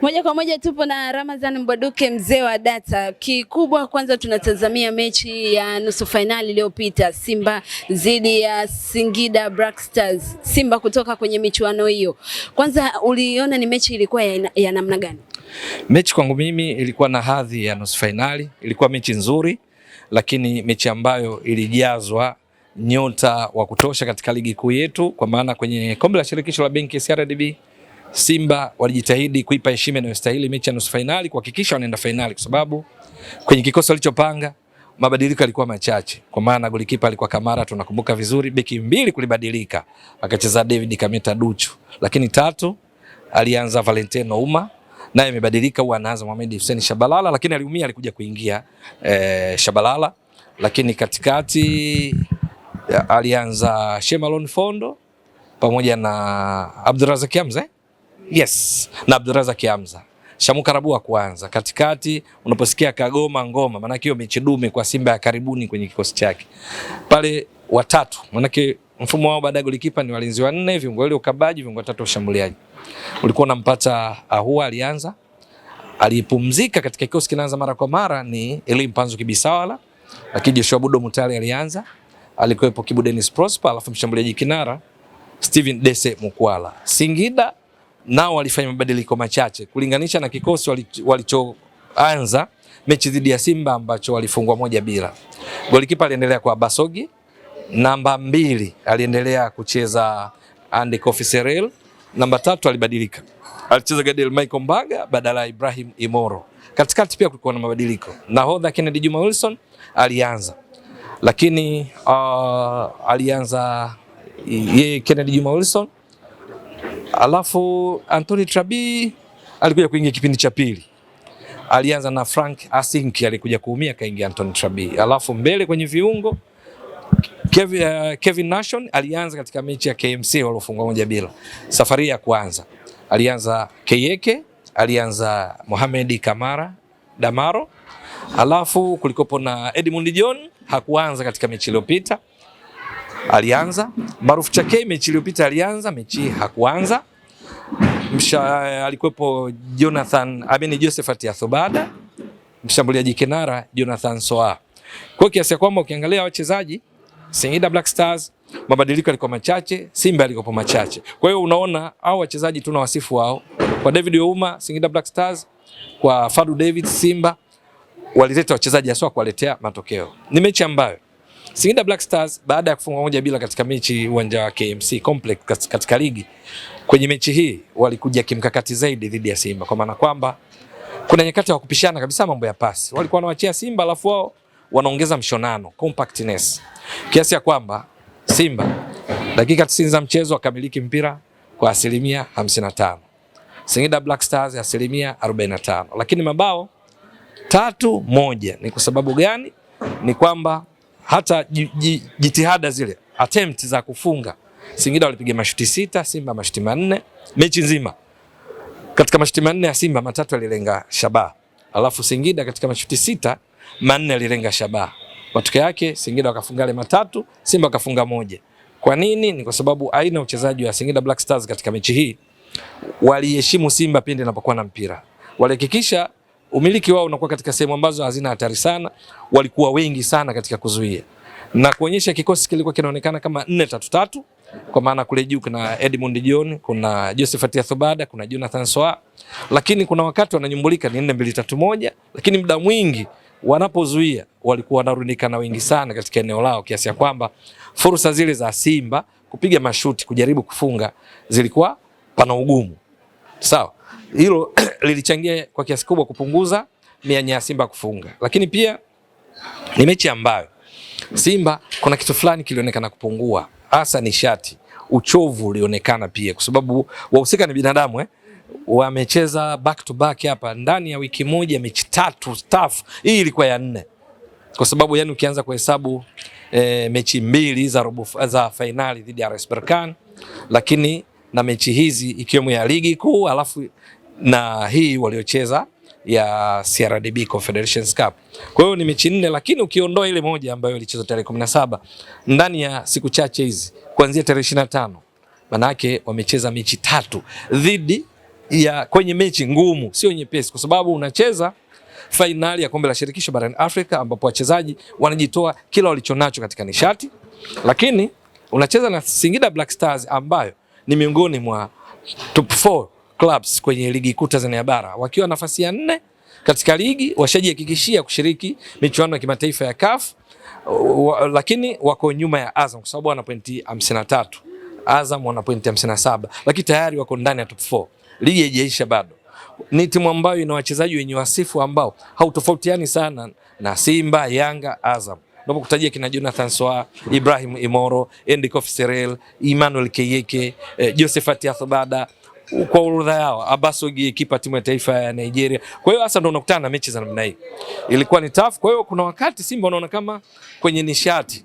Moja kwa moja tupo na Ramadhan Mbwaduke, mzee wa data. Kikubwa kwanza, tunatazamia mechi ya nusu fainali iliyopita, Simba dhidi ya Singida Black Stars, Simba kutoka kwenye michuano hiyo. Kwanza uliona ni mechi ilikuwa ya, ya namna gani? Mechi kwangu mimi ilikuwa na hadhi ya nusu fainali, ilikuwa mechi nzuri, lakini mechi ambayo ilijazwa nyota wa kutosha katika ligi kuu yetu, kwa maana kwenye kombe la shirikisho la benki CRDB Simba walijitahidi kuipa heshima inayostahili mechi ya nusu fainali, kuhakikisha wanaenda fainali, kwa sababu kwenye kikosi walichopanga mabadiliko yalikuwa machache, kwa maana golikipa alikuwa Kamara, tunakumbuka vizuri. Beki mbili kulibadilika, akacheza David Kameta Duchu, lakini tatu alianza Valentino Uma naye imebadilika, huwa anaanza Mohamed Hussein Shabalala, lakini aliumia, alikuja kuingia eh, Shabalala, lakini katikati alianza Shemalon Fondo pamoja na Abdurazak Hamza eh? Yes, na Abdurazak Hamza wa kwanza. katikati. Unaposikia Kagoma ngoma, maana hiyo mechi dume kwa Simba ya karibuni kwenye kikosi chake pale, watatu maanake mfumo wao baada ya golikipa ni walinzi wanne, viungo wale ukabaji, viungo watatu washambuliaji. Ulikuwa unampata Ahua, alianza alipumzika katika kikosi kinaanza mara kwa mara ni Elim Mpanzu Kibisawala, lakini Joshua Budo Mutale alianza, alikuwepo Kibu Dennis Prosper, alafu mshambuliaji kinara Steven Dese Mukwala. Singida nao walifanya mabadiliko machache kulinganisha na kikosi walichoanza wali mechi dhidi ya Simba ambacho walifungwa moja bila. Golikipa aliendelea kwa Basogi, namba mbili aliendelea kucheza Andy Kofi Serel, namba tatu alibadilika, alicheza Gadiel Michael Mbaga badala ya Ibrahim Imoro. Katikati pia kulikuwa na mabadiliko. Nahodha Kennedy Juma Wilson alianza, lakini uh, alianza yeye Kennedy Juma Wilson Alafu Anthony Trabi alikuja kuingia kipindi cha pili, alianza na Frank Asink, alikuja kuumia, kaingia Anthony Trabi. Alafu mbele kwenye viungo Kevin, uh, Kevin Nation alianza katika mechi ya KMC waliofungwa moja bila, safari ya kwanza alianza Keyeke, alianza Mohamed Kamara Damaro, alafu kulikopo na Edmund John hakuanza katika mechi iliyopita alianza. Maruf Chakei mechi iliyopita alianza, mechi hakuanza msha, alikuwepo Jonathan Amini Josephat Athobada, mshambuliaji kinara Jonathan Soa. Kwa kiasi kwamba ukiangalia wachezaji Singida Black Stars mabadiliko yalikuwa machache, Simba alikuwa machache. Kwa hiyo unaona au wachezaji tuna wasifu wao kwa David Ouma Singida Black Stars, kwa Fadu David Simba walileta wachezaji hasa kuwaletea matokeo. Ni mechi ambayo Singida Black Stars baada ya kufunga moja bila katika mechi uwanja wa KMC Complex katika ligi, kwenye mechi hii walikuja kimkakati zaidi dhidi ya Simba, kwa maana kwamba kuna nyakati ya kupishana kabisa mambo ya pasi, walikuwa wanawaachia Simba alafu wao wanaongeza mshonano compactness, kiasi ya kwamba Simba dakika 90 za mchezo akamiliki mpira kwa asilimia 55, Singida Black Stars asilimia 45, lakini mabao tatu moja. Ni kwa sababu gani? Ni kwamba hata jitihada zile attempt za kufunga, Singida walipiga mashuti sita, Simba mashuti manne, mechi nzima. Katika mashuti manne ya Simba matatu alilenga shaba, alafu Singida katika mashuti sita manne alilenga shaba. Matokeo yake Singida wakafunga yale matatu, Simba wakafunga moja. Kwa nini? Ni kwa sababu aina uchezaji wa Singida Black Stars katika mechi hii waliheshimu Simba pindi inapokuwa na mpira, walihakikisha umiliki wao unakuwa katika sehemu ambazo hazina hatari sana. Walikuwa wengi sana katika kuzuia na kuonyesha, kikosi kilikuwa kinaonekana kama 433 kwa maana kule juu kuna Edmund John, kuna Josephat Athubada, kuna Jonathan Soa, lakini kuna wakati wananyumbulika ni 4231 lakini muda mwingi wanapozuia walikuwa wanarundikana wengi sana katika eneo lao kiasi ya kwamba fursa zile za Simba kupiga mashuti kujaribu kufunga zilikuwa pana ugumu. Sawa, hilo lilichangia kwa kiasi kubwa kupunguza mianya ya Simba kufunga, lakini pia ni mechi ambayo Simba kuna kitu fulani kilionekana kupungua, hasa nishati, uchovu ulionekana pia, kwa sababu wahusika ni binadamu eh? Wamecheza back to back hapa ndani ya wiki moja mechi tatu staff. Hii ilikuwa ya nne, kwa sababu yani ukianza kuhesabu e, mechi mbili za robo za fainali dhidi ya RS Berkane, lakini na mechi hizi ikiwemo ya ligi kuu alafu na hii waliocheza ya CRDB Confederations Cup. Kwa hiyo ni mechi nne, lakini ukiondoa ile moja ambayo ilichezwa tarehe 17 ndani ya siku chache hizi kuanzia tarehe 25, manake wamecheza mechi tatu dhidi ya kwenye mechi ngumu, sio nyepesi, kwa sababu unacheza fainali ya kombe la shirikisho barani Afrika ambapo wachezaji wanajitoa kila walichonacho katika nishati, lakini unacheza na Singida Black Stars ambayo ni miongoni mwa top 4 clubs kwenye ligi kuu Tanzania bara wakiwa nafasi ya nne katika ligi washajihakikishia kushiriki michuano ya kimataifa ya CAF lakini wako nyuma ya Azam kwa sababu wana pointi 53. Azam wana pointi 57, lakini tayari wako ndani ya top 4. Ligi haijaisha bado. Ni timu ambayo ina wachezaji wenye wasifu ambao hautofautiani sana na Simba, Yanga, Azam naomba kutajia kina Jonathan Swa, Ibrahim Imoro, Andy Kofi Serel, Emmanuel Keyeke, eh, Josephat Athbada kwa urudha yao Abasogi kipa timu ya taifa ya Nigeria. Kwa hiyo hasa ndo unakutana na mechi za namna hii. Ilikuwa ni tough. Kwa hiyo kuna wakati Simba wanaona kama kwenye nishati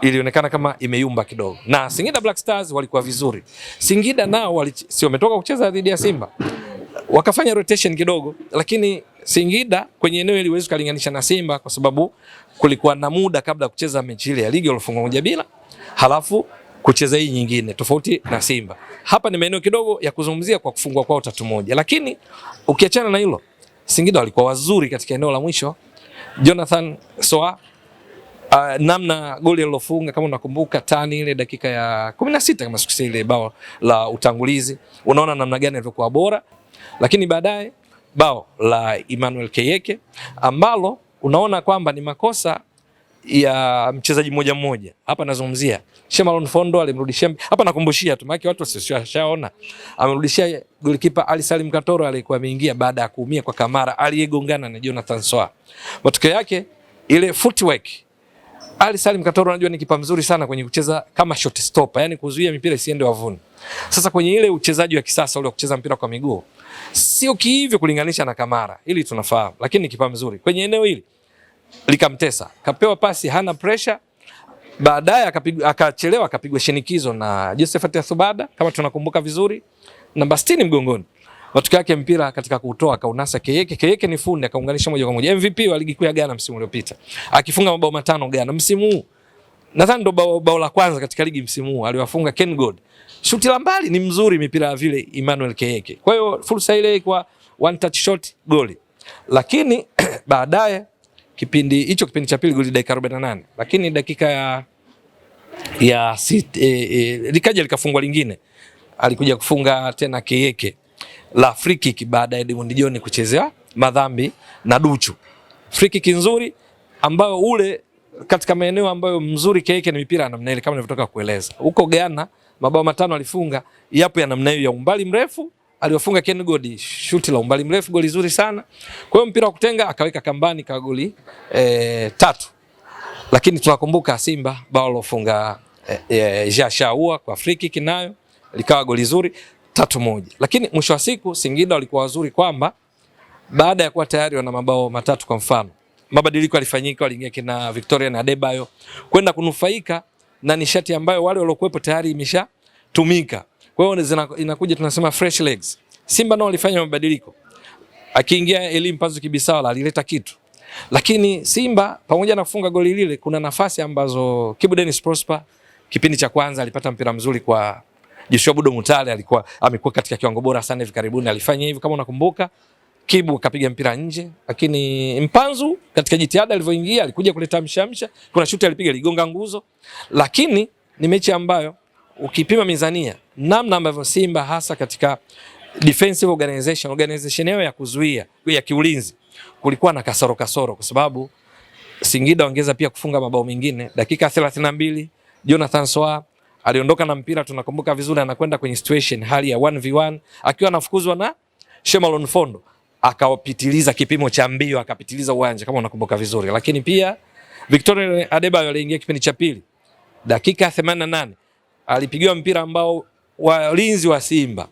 ilionekana kama imeyumba kidogo. Na Singida Black Stars walikuwa vizuri. Singida nao wali, wametoka kucheza dhidi ya Simba. Wakafanya rotation kidogo lakini Singida kwenye eneo hili huwezi kulinganisha na Simba kwa sababu kulikuwa na muda kabla kucheza mechi ile ya ligi walifungwa moja bila, halafu kucheza hii nyingine tofauti na Simba. Hapa ni maeneo kidogo ya kuzungumzia kwa kufungwa kwao tatu moja, lakini ukiachana na hilo Singida walikuwa wazuri katika eneo la mwisho. Jonathan Soa Uh, namna goli alilofunga kama unakumbuka, tani ile dakika ya 16 kama siku ile bao la utangulizi, unaona namna gani alivyokuwa bora, lakini baadaye bao la Emmanuel Keyeke ambalo unaona kwamba ni makosa ya mchezaji mmoja mmoja. Hapa nazungumzia Shemalon Fondo alimrudishia, hapa nakumbushia tu, maana watu wasishaona, amerudishia golikipa Ali Salim Katoro aliyekuwa ameingia baada ya kuumia kwa Kamara aliyegongana na Jonathan Soa. Matokeo yake ile footwork ali Salim Katoro unajua ni kipa mzuri sana kwenye kucheza kama short stopper, yani kuzuia mipira isiende wavuni. Sasa kwenye ile uchezaji wa kisasa ule wa kucheza mpira kwa miguu sio kiivyo kulinganisha na Kamara, ili tunafahamu, lakini ni kipa mzuri kwenye eneo hili likamtesa, kapewa pasi, hana pressure baadaye akachelewa, akapigwa shinikizo na Josephat Athubada kama tunakumbuka vizuri, namba 60 mgongoni matokeo yake mpira katika kutoa kaunasa Keyeke. Keyeke ni fundi, akaunganisha moja kwa moja. MVP wa ligi kuu ya Ghana msimu uliopita akifunga mabao matano Ghana. Msimu huu nadhani ndo bao, bao la kwanza katika ligi msimu huu aliwafunga Ken God, shuti la mbali ni mzuri, mipira ya vile Emmanuel Keyeke. Kwa hiyo fursa ile kwa one touch shot goli, lakini baadaye kipindi hicho kipindi cha pili goli dakika 48, lakini dakika ya ya sit, e, eh, e, eh, likaja likafungwa lingine, alikuja kufunga tena Keyeke la free kick baada ya Edmond John kuchezea madhambi na Duchu. Free kick nzuri ambayo ule katika maeneo ambayo mzuri keke ni mipira namna ile kama nilivyotoka kueleza. Huko Ghana mabao matano alifunga yapo ya namna hiyo ya umbali mrefu aliyofunga Ken God, shuti la umbali mrefu, goli zuri sana. Kwa hiyo mpira wa kutenga akaweka kambani kwa goli e, tatu. Lakini tunakumbuka Simba bao alofunga e, eh, e, eh, Jashaua kwa free kick nayo likawa goli zuri tatu moja, lakini mwisho wa siku Singida walikuwa wazuri kwamba baada ya kuwa tayari wana mabao matatu kwa mfano, mabadiliko yalifanyika, waliingia kina Victoria na Adebayo kwenda kunufaika na nishati ambayo wale waliokuwepo tayari imeshatumika. Kwa hiyo inakuja tunasema fresh legs. Simba nao walifanya mabadiliko, akiingia Elim Panzu Kibisawa alileta kitu, lakini Simba pamoja na kufunga goli lile, kuna nafasi ambazo Kibu Dennis Prosper kipindi cha kwanza alipata mpira mzuri kwa Joshua Budo Mutale alikuwa amekuwa katika kiwango bora sana hivi karibuni, alifanya hivi kama unakumbuka Kibu akapiga mpira nje, lakini Mpanzu katika jitihada alivyoingia alikuja kuleta mshamsha. Kuna shuti alipiga ligonga nguzo, lakini ni mechi ambayo ukipima mizania, namna ambavyo Simba hasa katika defensive organization, organization yao ya kuzuia ya kiulinzi, kulikuwa na kasoro kasoro, kwa sababu Singida ongeza pia kufunga mabao mengine dakika 32 Jonathan Swa aliondoka na mpira, tunakumbuka vizuri, anakwenda kwenye situation hali ya 1v1 akiwa anafukuzwa na Shemalon Fondo, akawapitiliza kipimo cha mbio, akapitiliza uwanja kama unakumbuka vizuri. Lakini pia Victoria Adebayo aliingia kipindi cha pili dakika 88, alipigiwa mpira ambao walinzi wa Simba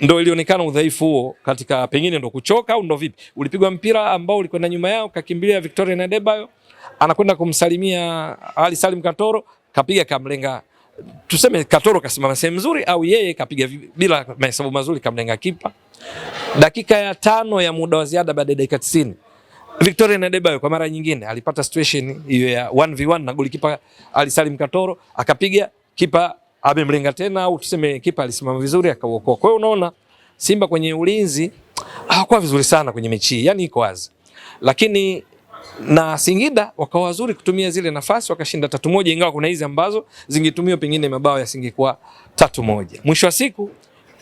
ndo ilionekana udhaifu huo katika pengine ndo kuchoka au ndo vipi, ulipigwa mpira ambao ulikwenda nyuma yao, kakimbilia Victoria Adebayo anakwenda kumsalimia Ali Salim Katoro, kapiga kamlenga tuseme Katoro kasimama sehemu nzuri, au yeye kapiga bila mahesabu mazuri, kamlenga kipa. Dakika ya tano ya muda wa ziada, baada ya dakika 90, Victoria Adebayo kwa mara nyingine alipata situation hiyo ya 1v1 na golikipa alisalim Katoro, akapiga kipa amemlenga tena, au tuseme kipa alisimama vizuri akauokoa. Kwa hiyo unaona Simba kwenye ulinzi hawakuwa vizuri sana kwenye mechi, yani iko wazi, lakini na Singida wakawa wazuri kutumia zile nafasi wakashinda tatu moja, ingawa kuna hizi ambazo zingetumiwa pengine mabao yasingekuwa tatu moja. Mwisho wa siku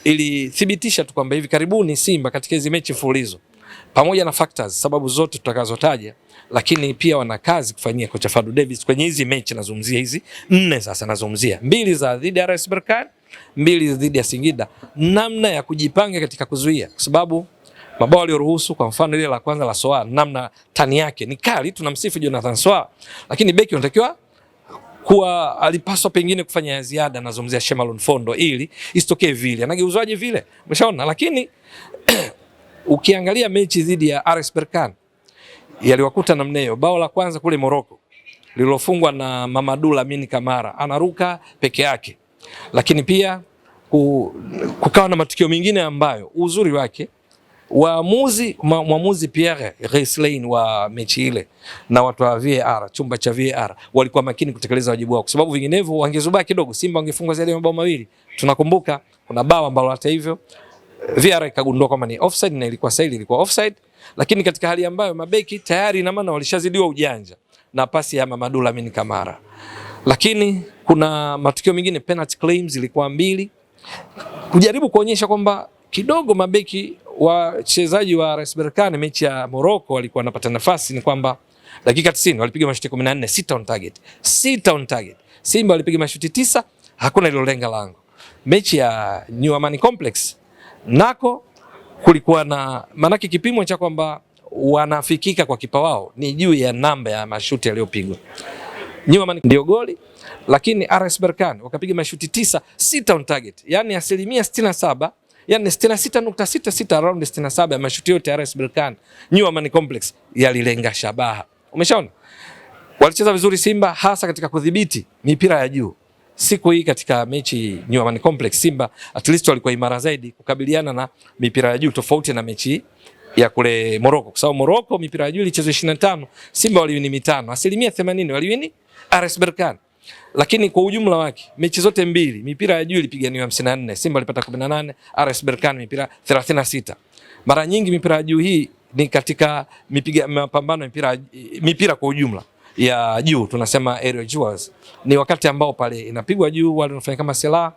ilithibitisha tu kwamba hivi karibuni Simba katika hizi mechi fulizo, pamoja na factors sababu zote tutakazotaja, lakini pia wana kazi kufanyia kocha Fadu Davis kwenye hizi mechi. Nazungumzia hizi nne sasa, nazungumzia mbili za dhidi ya RS Berkane, mbili dhidi ya Singida, namna ya kujipanga katika kuzuia, kwa sababu mabao aliyoruhusu kwa mfano ile la kwanza la Soa, namna tani yake ni kali. Tunamsifu Jonathan Soa, lakini beki unatakiwa kuwa alipaswa pengine kufanya ziada. Nazungumzia Shemalon Fondo ili isitokee vile, anageuzwaje vile, umeshaona. Lakini ukiangalia mechi dhidi ya RS Berkane yaliwakuta namna hiyo. Bao la kwanza kule Morocco lililofungwa na Mamadou Lamine Kamara, anaruka peke yake, lakini pia kukawa na matukio mengine ambayo uzuri wake waamuzi mwamuzi Pierre Ghislain wa mechi ile na watu wa VAR, chumba cha VAR walikuwa makini kutekeleza wajibu wao, kwa sababu vinginevyo wangezubaa kidogo, Simba wangefungwa zaidi ya mabao mawili. Tunakumbuka kuna bao ambalo hata hivyo VAR ikagundua kwamba ni offside na ilikuwa sahihi, ilikuwa offside, lakini katika hali ambayo mabeki tayari na maana walishazidiwa ujanja na pasi ya Mamadou Lamine Kamara. Lakini kuna matukio mengine, penalty claims ilikuwa mbili, kujaribu kuonyesha kwamba kidogo mabeki wachezaji wa RS Berkane mechi ya Morocco walikuwa wanapata nafasi ni kwamba dakika 90 walipiga mashuti 14, sita on target, sita on target. Simba walipiga mashuti tisa, hakuna ililolenga lango. Mechi ya New Amani Complex nako kulikuwa na manake, kipimo cha kwamba wanafikika kwa kipa wao ni juu ya namba ya mashuti yaliyopigwa. New Amani ndio goli, lakini RS Berkane wakapiga mashuti tisa, sita on target, yani asilimia 67 yani 66.66 around 67 ya mashutio yote ya RS Berkane New Amaan Complex yalilenga shabaha. Umeshaona? Walicheza vizuri Simba hasa katika kudhibiti mipira ya juu. Siku hii katika mechi New Amaan Complex Simba at least walikuwa imara zaidi kukabiliana na mipira ya juu tofauti na mechi ya kule Morocco kwa sababu Morocco mipira ya juu ilichezwa 25, Simba waliwini mitano, asilimia 80 waliwini RS Berkane. Lakini kwa ujumla wake mechi zote mbili mipira ya juu ilipiganiwa 54, Simba alipata 18, RS Berkane mipira 36. Mara nyingi mipira ya juu hii ni katika mipiga mapambano mipira mipira kwa ujumla ya juu tunasema aerial duels. Ni wakati ambao pale inapigwa juu wale wanafanya kama silaha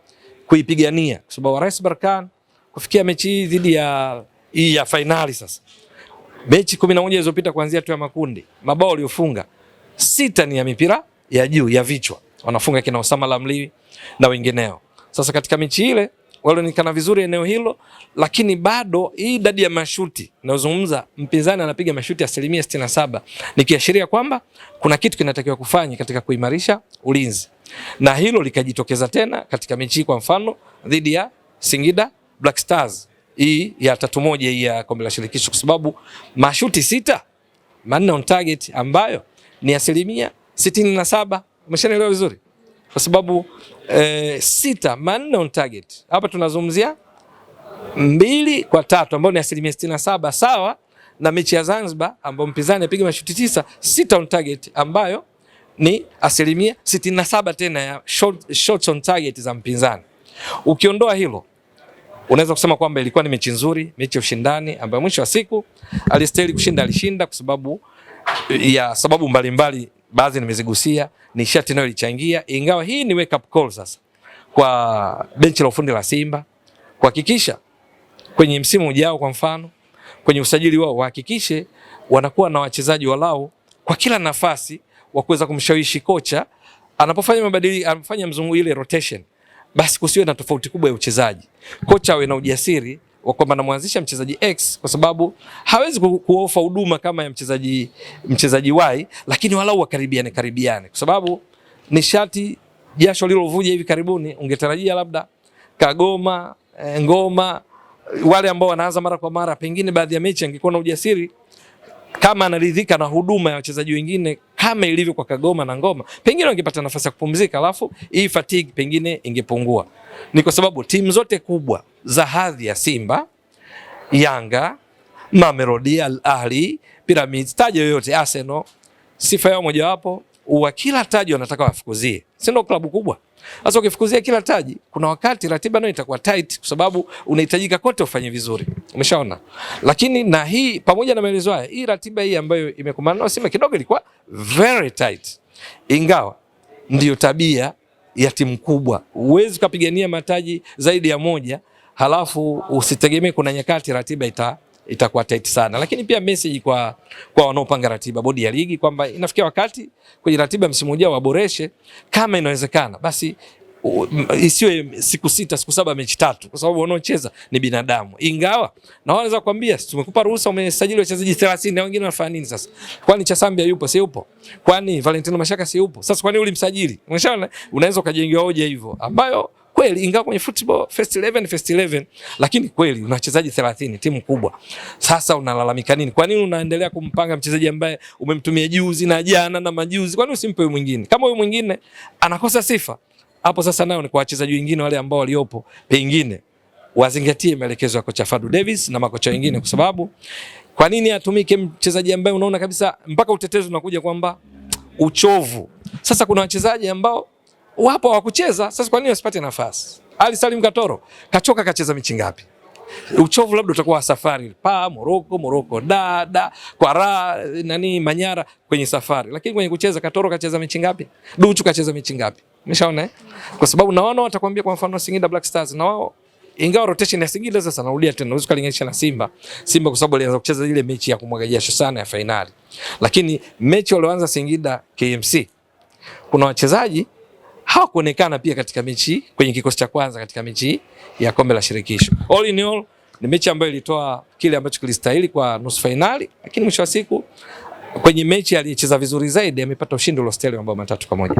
kuipigania kwa sababu RS Berkane kufikia mechi hii dhidi ya hii ya finali sasa. Mechi 11 zilizopita kuanzia tu ya makundi, mabao aliyofunga sita ni ya mipira ya juu ya vichwa, wanafunga kina Osama Lamliwi na wengineo. Sasa katika mechi ile walionekana vizuri eneo hilo, lakini bado hii idadi ya mashuti inayozungumza, mpinzani anapiga mashuti asilimia sitini na saba, nikiashiria kwamba kuna kitu kinatakiwa kufanya katika kuimarisha ulinzi, na hilo likajitokeza tena katika mechi, kwa mfano dhidi ya Singida Black Stars hii ya tatu moja hii ya kombe la shirikisho, kwa sababu mashuti sita manne on target ambayo ni asilimia sitini na saba. Umeshanielewa vizuri, kwa sababu eh, sita manne on target. Hapa tunazungumzia mbili kwa tatu ambayo ni asilimia sitini na saba sawa na mechi ya Zanzibar ambayo mpinzani apiga mashuti tisa, sita on target ambayo ni asilimia sitini na saba tena ya shot, shots on target za mpinzani. Ukiondoa hilo unaweza kusema kwamba ilikuwa ni mechi nzuri, mechi ya ushindani ambayo mwisho wa siku alistahili kushinda, alishinda kwa sababu ya sababu mbalimbali baadhi nimezigusia, ni shati nayo ilichangia, ingawa hii ni wake up call sasa kwa benchi la ufundi la Simba kuhakikisha kwenye msimu ujao, kwa mfano kwenye usajili wao wahakikishe wanakuwa na wachezaji walao kwa kila nafasi wa kuweza kumshawishi kocha anapofanya mabadiliko, anafanya mzungu ile rotation, basi kusiwe na tofauti kubwa ya uchezaji, kocha awe na ujasiri kwamba namwanzisha mchezaji X kwa sababu hawezi kuofa huduma kama ya mchezaji mchezaji Y, lakini walau wakaribiane karibiane, kwa sababu nishati jasho lilovuja hivi karibuni, ungetarajia labda Kagoma eh, Ngoma, wale ambao wanaanza mara kwa mara, pengine baadhi ya mechi angekuwa na ujasiri kama anaridhika na huduma ya wachezaji wengine kama ilivyo kwa Kagoma na Ngoma, pengine wangepata nafasi ya kupumzika, alafu hii fatigue pengine ingepungua. Ni kwa sababu timu zote kubwa za hadhi ya Simba, Yanga, Mamelodi, Al Ahli, Pyramids, taji yoyote, Arsenal, sifa yao mojawapo wa kila taji wanataka wafukuzie, si ndio klabu kubwa? Sasa ukifukuzia kila taji, kuna wakati ratiba nayo itakuwa tight, kwa sababu unahitajika kote ufanye vizuri, umeshaona. Lakini na hii pamoja na maelezo haya, hii ratiba hii ambayo imekumbana na Simba kidogo ilikuwa very tight, ingawa ndiyo tabia ya timu kubwa. Huwezi ukapigania mataji zaidi ya moja halafu usitegemee kuna nyakati ratiba ita itakuwa tight sana, lakini pia message kwa, kwa wanaopanga ratiba, bodi ya ligi kwamba inafikia wakati kwenye ratiba msimu ujao waboreshe kama inawezekana basi isiwe siku sita siku saba mechi tatu, kwa sababu wanaocheza ni binadamu. Ingawa na wanaweza kukwambia tumekupa ruhusa, umesajili wachezaji 30 na wengine wanafanya nini sasa? Kwani Chasambia yupo si yupo? Kwani Valentino Mashaka si yupo? Sasa kwani ulimsajili? Umeshaona, unaweza ukajengewa hoja hivyo ambayo kweli, ingawa kwenye football first 11 first 11, lakini kweli una wachezaji 30, timu kubwa. Sasa unalalamika nini? Kwa nini unaendelea kumpanga mchezaji ambaye umemtumia juzi na jana na majuzi? Kwa nini usimpe huyu mwingine? Kama huyu mwingine anakosa sifa hapo, sasa nayo ni kwa wachezaji wengine wale ambao waliopo, pengine wazingatie maelekezo ya kocha Fadu Davis na makocha wengine, kwa sababu kwa nini atumike mchezaji ambaye unaona kabisa mpaka utetezi unakuja kwamba uchovu. Sasa kuna wachezaji ambao wapo hawakucheza. Sasa kwa nini wasipate nafasi? Ali Salim Katoro kachoka, kacheza michi ngapi? Uchovu labda utakuwa wa safari pa Moroko, Moroko da da kwa ra nani Manyara kwenye safari, lakini kwenye kucheza Katoro kacheza michi ngapi? Duchu kacheza michi ngapi? Umeshaona eh? Kwa sababu na wao watakwambia, kwa mfano Singida Black Stars na wao ingawa rotation ya Singida sasa narudia tena, unaweza kulinganisha na Simba. Simba kwa sababu alianza kucheza ile mechi ya kumwaga jasho sana ya fainali, lakini mechi walioanza Singida KMC kuna wachezaji hawakuonekana pia katika mechi kwenye kikosi cha kwanza katika mechi ya kombe la shirikisho. All in all, ni mechi ambayo ilitoa kile ambacho kilistahili kwa nusu fainali, lakini mwisho wa siku kwenye mechi aliyecheza vizuri zaidi amepata ushindi uliostahili mabao matatu kwa moja.